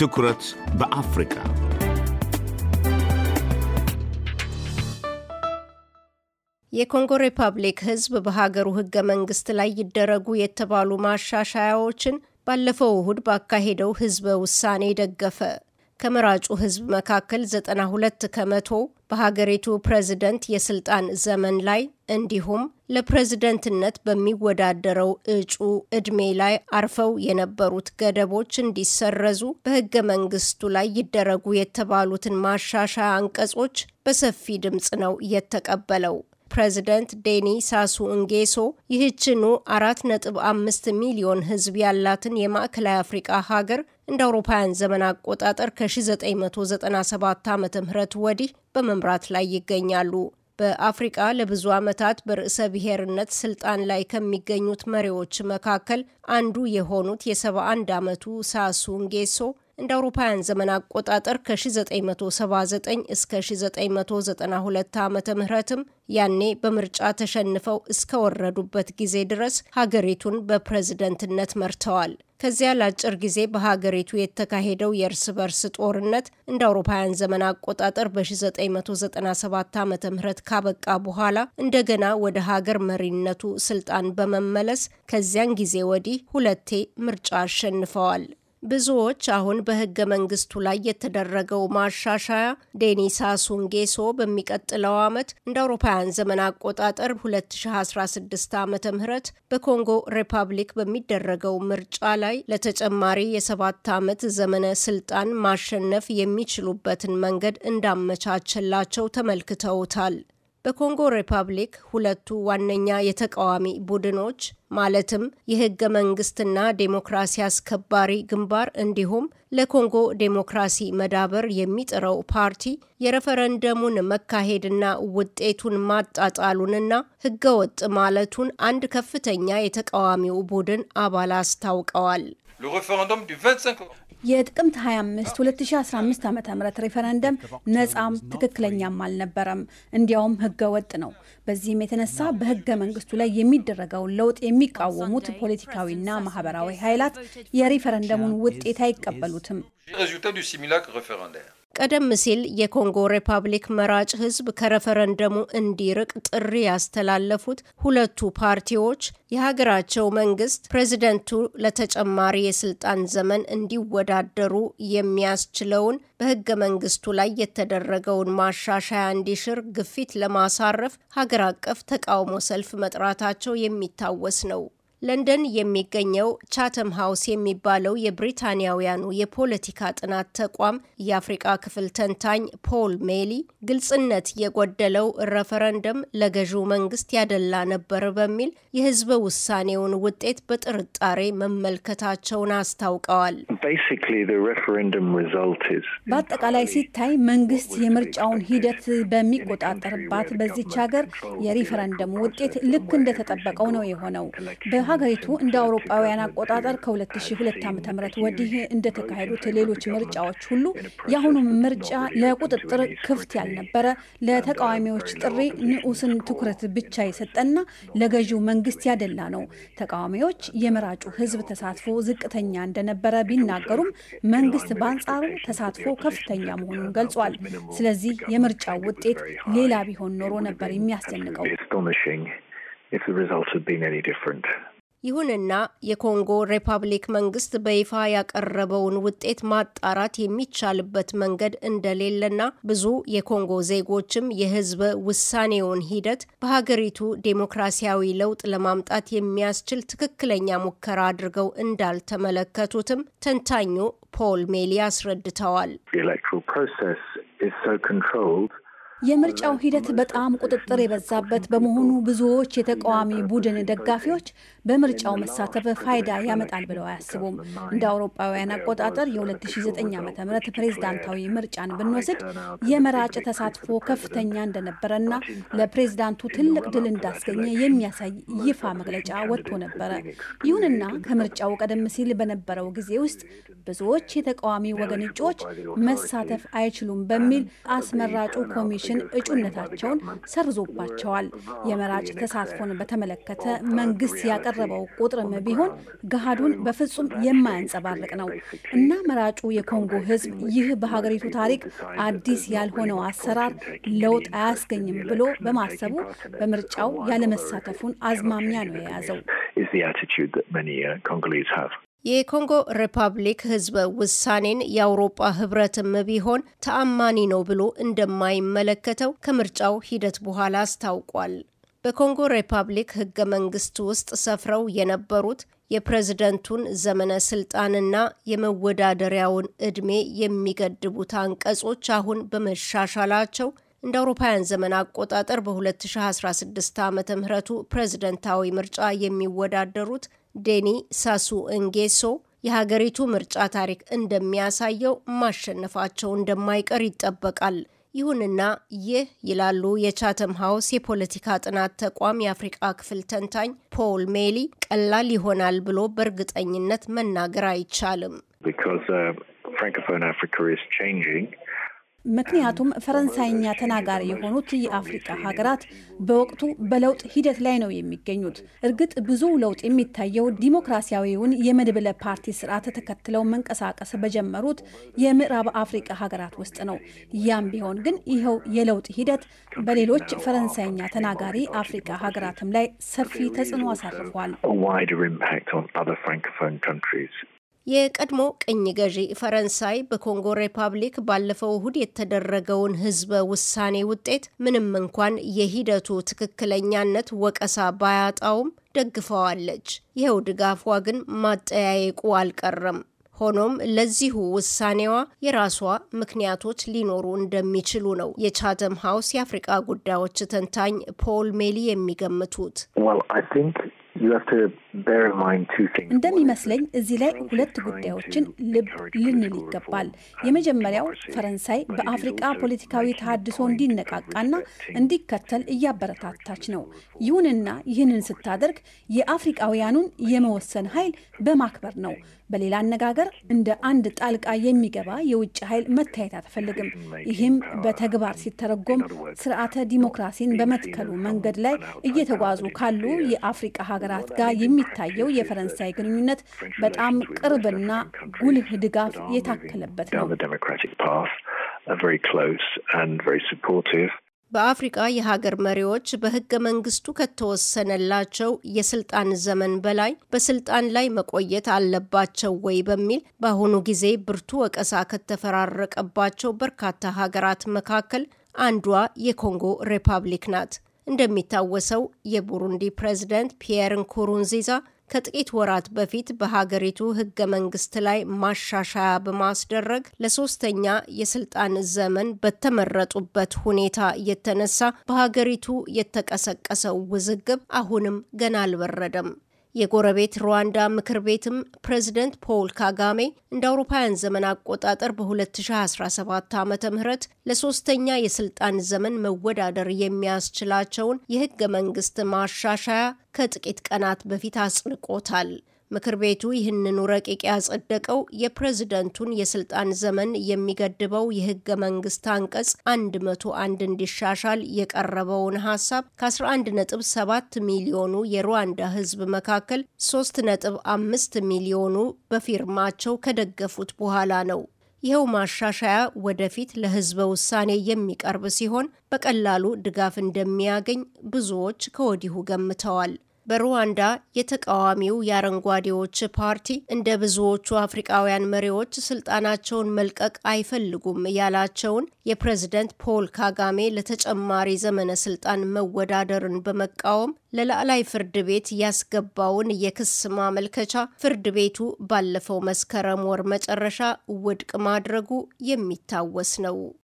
ትኩረት በአፍሪካ የኮንጎ ሪፐብሊክ ህዝብ በሀገሩ ህገ መንግስት ላይ ይደረጉ የተባሉ ማሻሻያዎችን ባለፈው እሁድ ባካሄደው ህዝበ ውሳኔ ደገፈ። ከመራጩ ሕዝብ መካከል 92 ከመቶ በሀገሪቱ ፕሬዝደንት የስልጣን ዘመን ላይ እንዲሁም ለፕሬዝደንትነት በሚወዳደረው እጩ እድሜ ላይ አርፈው የነበሩት ገደቦች እንዲሰረዙ በህገ መንግስቱ ላይ ይደረጉ የተባሉትን ማሻሻያ አንቀጾች በሰፊ ድምፅ ነው የተቀበለው። ፕሬዚደንት ዴኒ ሳሱ እንጌሶ ይህችኑ አራት ነጥብ አምስት ሚሊዮን ህዝብ ያላትን የማዕከላዊ አፍሪቃ ሀገር እንደ አውሮፓውያን ዘመን አቆጣጠር ከ1997 ዓ ም ወዲህ በመምራት ላይ ይገኛሉ። በአፍሪቃ ለብዙ ዓመታት በርዕሰ ብሔርነት ስልጣን ላይ ከሚገኙት መሪዎች መካከል አንዱ የሆኑት የ71 ዓመቱ ሳሱ ንጌሶ እንደ አውሮፓውያን ዘመን አቆጣጠር ከ1979 እስከ 1992 ዓ ም ያኔ በምርጫ ተሸንፈው እስከወረዱበት ጊዜ ድረስ ሀገሪቱን በፕሬዝደንትነት መርተዋል። ከዚያ ለአጭር ጊዜ በሀገሪቱ የተካሄደው የእርስ በርስ ጦርነት እንደ አውሮፓውያን ዘመን አቆጣጠር በ1997 ዓ ም ካበቃ በኋላ እንደገና ወደ ሀገር መሪነቱ ስልጣን በመመለስ ከዚያን ጊዜ ወዲህ ሁለቴ ምርጫ አሸንፈዋል። ብዙዎች አሁን በህገ መንግስቱ ላይ የተደረገው ማሻሻያ ዴኒሳ ሱንጌሶ በሚቀጥለው ዓመት እንደ አውሮፓውያን ዘመን አቆጣጠር 2016 ዓ ምት በኮንጎ ሪፐብሊክ በሚደረገው ምርጫ ላይ ለተጨማሪ የሰባት ዓመት ዘመነ ስልጣን ማሸነፍ የሚችሉበትን መንገድ እንዳመቻቸላቸው ተመልክተውታል። በኮንጎ ሪፐብሊክ ሁለቱ ዋነኛ የተቃዋሚ ቡድኖች ማለትም የህገ መንግስትና ዴሞክራሲ አስከባሪ ግንባር እንዲሁም ለኮንጎ ዴሞክራሲ መዳበር የሚጥረው ፓርቲ የረፈረንደሙን መካሄድና ውጤቱን ማጣጣሉንና ህገወጥ ማለቱን አንድ ከፍተኛ የተቃዋሚው ቡድን አባል አስታውቀዋል። የጥቅምት 25 2015 ዓ ም ሬፈረንደም ነጻም ትክክለኛም አልነበረም። እንዲያውም ህገ ወጥ ነው። በዚህም የተነሳ በህገ መንግስቱ ላይ የሚደረገውን ለውጥ የሚቃወሙት ፖለቲካዊና ማህበራዊ ኃይላት የሪፈረንደሙን ውጤት አይቀበሉትም። ቀደም ሲል የኮንጎ ሪፐብሊክ መራጭ ህዝብ ከረፈረንደሙ እንዲርቅ ጥሪ ያስተላለፉት ሁለቱ ፓርቲዎች የሀገራቸው መንግስት ፕሬዚደንቱ ለተጨማሪ የስልጣን ዘመን እንዲወዳደሩ የሚያስችለውን በህገ መንግስቱ ላይ የተደረገውን ማሻሻያ እንዲሽር ግፊት ለማሳረፍ ሀገር አቀፍ ተቃውሞ ሰልፍ መጥራታቸው የሚታወስ ነው። ለንደን የሚገኘው ቻተም ሀውስ የሚባለው የብሪታንያውያኑ የፖለቲካ ጥናት ተቋም የአፍሪቃ ክፍል ተንታኝ ፖል ሜሊ ግልጽነት የጎደለው ረፈረንደም ለገዢው መንግስት ያደላ ነበር በሚል የህዝበ ውሳኔውን ውጤት በጥርጣሬ መመልከታቸውን አስታውቀዋል። በአጠቃላይ ሲታይ መንግስት የምርጫውን ሂደት በሚቆጣጠርባት በዚች ሀገር የሪፈረንደም ውጤት ልክ እንደተጠበቀው ነው የሆነው። በሀገሪቱ እንደ አውሮፓውያን አቆጣጠር ከ2002 ዓ ም ወዲህ እንደተካሄዱት ሌሎች ምርጫዎች ሁሉ የአሁኑም ምርጫ ለቁጥጥር ክፍት ያልነበረ፣ ለተቃዋሚዎች ጥሪ ንዑስን ትኩረት ብቻ የሰጠና ለገዢው መንግስት ያደላ ነው። ተቃዋሚዎች የመራጩ ህዝብ ተሳትፎ ዝቅተኛ እንደነበረ ቢናገሩም መንግስት በአንጻሩ ተሳትፎ ከፍተኛ መሆኑን ገልጿል። ስለዚህ የምርጫው ውጤት ሌላ ቢሆን ኖሮ ነበር የሚያስደንቀው። ይሁንና የኮንጎ ሪፐብሊክ መንግስት በይፋ ያቀረበውን ውጤት ማጣራት የሚቻልበት መንገድ እንደሌለና ብዙ የኮንጎ ዜጎችም የህዝብ ውሳኔውን ሂደት በሀገሪቱ ዴሞክራሲያዊ ለውጥ ለማምጣት የሚያስችል ትክክለኛ ሙከራ አድርገው እንዳልተመለከቱትም ተንታኙ ፖል ሜሊ አስረድተዋል። የምርጫው ሂደት በጣም ቁጥጥር የበዛበት በመሆኑ ብዙዎች የተቃዋሚ ቡድን ደጋፊዎች በምርጫው መሳተፍ ፋይዳ ያመጣል ብለው አያስቡም። እንደ አውሮፓውያን አቆጣጠር የ2009 ዓ ም ፕሬዝዳንታዊ ምርጫን ብንወስድ የመራጭ ተሳትፎ ከፍተኛ እንደነበረና ለፕሬዝዳንቱ ትልቅ ድል እንዳስገኘ የሚያሳይ ይፋ መግለጫ ወጥቶ ነበረ። ይሁንና ከምርጫው ቀደም ሲል በነበረው ጊዜ ውስጥ ብዙዎች የተቃዋሚ ወገን እጩዎች መሳተፍ አይችሉም በሚል አስመራጩ ኮሚሽን እጩዎችን እጩነታቸውን ሰርዞባቸዋል። የመራጭ ተሳትፎን በተመለከተ መንግስት ያቀረበው ቁጥርም ቢሆን ገሃዱን በፍጹም የማያንጸባርቅ ነው እና መራጩ የኮንጎ ህዝብ ይህ በሀገሪቱ ታሪክ አዲስ ያልሆነው አሰራር ለውጥ አያስገኝም ብሎ በማሰቡ በምርጫው ያለመሳተፉን አዝማሚያ ነው የያዘው። የኮንጎ ሪፐብሊክ ህዝብ ውሳኔን የአውሮጳ ህብረትም ቢሆን ተአማኒ ነው ብሎ እንደማይመለከተው ከምርጫው ሂደት በኋላ አስታውቋል። በኮንጎ ሪፐብሊክ ህገ መንግስት ውስጥ ሰፍረው የነበሩት የፕሬዝደንቱን ዘመነ ስልጣንና የመወዳደሪያውን ዕድሜ የሚገድቡት አንቀጾች አሁን በመሻሻላቸው እንደ አውሮፓውያን ዘመን አቆጣጠር በ2016 ዓ ምቱ ፕሬዝደንታዊ ምርጫ የሚወዳደሩት ዴኒ ሳሱ እንጌሶ የሀገሪቱ ምርጫ ታሪክ እንደሚያሳየው ማሸነፋቸው እንደማይቀር ይጠበቃል። ይሁንና ይህ ይላሉ የቻተም ሀውስ የፖለቲካ ጥናት ተቋም የአፍሪቃ ክፍል ተንታኝ ፖል ሜሊ፣ ቀላል ይሆናል ብሎ በእርግጠኝነት መናገር አይቻልም። uh, ምክንያቱም ፈረንሳይኛ ተናጋሪ የሆኑት የአፍሪቃ ሀገራት በወቅቱ በለውጥ ሂደት ላይ ነው የሚገኙት። እርግጥ ብዙ ለውጥ የሚታየው ዲሞክራሲያዊውን የመድብለ ፓርቲ ስርዓት ተከትለው መንቀሳቀስ በጀመሩት የምዕራብ አፍሪቃ ሀገራት ውስጥ ነው። ያም ቢሆን ግን ይኸው የለውጥ ሂደት በሌሎች ፈረንሳይኛ ተናጋሪ አፍሪቃ ሀገራትም ላይ ሰፊ ተጽዕኖ አሳርፏል። የቀድሞ ቅኝ ገዢ ፈረንሳይ በኮንጎ ሪፐብሊክ ባለፈው እሁድ የተደረገውን ህዝበ ውሳኔ ውጤት ምንም እንኳን የሂደቱ ትክክለኛነት ወቀሳ ባያጣውም ደግፈዋለች። ይኸው ድጋፏ ግን ማጠያየቁ አልቀረም። ሆኖም ለዚሁ ውሳኔዋ የራሷ ምክንያቶች ሊኖሩ እንደሚችሉ ነው የቻተም ሀውስ የአፍሪቃ ጉዳዮች ተንታኝ ፖል ሜሊ የሚገምቱት። እንደሚመስለኝ እዚህ ላይ ሁለት ጉዳዮችን ልብ ልንል ይገባል። የመጀመሪያው ፈረንሳይ በአፍሪቃ ፖለቲካዊ ተሃድሶ እንዲነቃቃና እንዲከተል እያበረታታች ነው። ይሁንና ይህንን ስታደርግ የአፍሪቃውያኑን የመወሰን ኃይል በማክበር ነው። በሌላ አነጋገር እንደ አንድ ጣልቃ የሚገባ የውጭ ኃይል መታየት አትፈልግም። ይህም በተግባር ሲተረጎም ስርዓተ ዲሞክራሲን በመትከሉ መንገድ ላይ እየተጓዙ ካሉ የአፍሪቃ ሀገራት ጋር የሚታየው የፈረንሳይ ግንኙነት በጣም ቅርብና ጉልህ ድጋፍ የታከለበት ነው። በአፍሪቃ የሀገር መሪዎች በህገ መንግስቱ ከተወሰነላቸው የስልጣን ዘመን በላይ በስልጣን ላይ መቆየት አለባቸው ወይ በሚል በአሁኑ ጊዜ ብርቱ ወቀሳ ከተፈራረቀባቸው በርካታ ሀገራት መካከል አንዷ የኮንጎ ሪፐብሊክ ናት። እንደሚታወሰው የቡሩንዲ ፕሬዝደንት ፒየር ንኩሩንዚዛ ከጥቂት ወራት በፊት በሀገሪቱ ህገ መንግስት ላይ ማሻሻያ በማስደረግ ለሶስተኛ የስልጣን ዘመን በተመረጡበት ሁኔታ የተነሳ በሀገሪቱ የተቀሰቀሰው ውዝግብ አሁንም ገና አልበረደም። የጎረቤት ሩዋንዳ ምክር ቤትም ፕሬዚደንት ፖል ካጋሜ እንደ አውሮፓውያን ዘመን አቆጣጠር በ2017 ዓ ም ለሶስተኛ የስልጣን ዘመን መወዳደር የሚያስችላቸውን የህገ መንግስት ማሻሻያ ከጥቂት ቀናት በፊት አጽድቆታል። ምክር ቤቱ ይህንኑ ረቂቅ ያጸደቀው የፕሬዝደንቱን የስልጣን ዘመን የሚገድበው የህገ መንግስት አንቀጽ 101 እንዲሻሻል የቀረበውን ሀሳብ ከ11.7 ሚሊዮኑ የሩዋንዳ ህዝብ መካከል 3.5 ሚሊዮኑ በፊርማቸው ከደገፉት በኋላ ነው። ይኸው ማሻሻያ ወደፊት ለህዝበ ውሳኔ የሚቀርብ ሲሆን በቀላሉ ድጋፍ እንደሚያገኝ ብዙዎች ከወዲሁ ገምተዋል። በሩዋንዳ የተቃዋሚው የአረንጓዴዎች ፓርቲ እንደ ብዙዎቹ አፍሪቃውያን መሪዎች ስልጣናቸውን መልቀቅ አይፈልጉም ያላቸውን የፕሬዝደንት ፖል ካጋሜ ለተጨማሪ ዘመነ ስልጣን መወዳደርን በመቃወም ለላዕላይ ፍርድ ቤት ያስገባውን የክስ ማመልከቻ ፍርድ ቤቱ ባለፈው መስከረም ወር መጨረሻ ውድቅ ማድረጉ የሚታወስ ነው።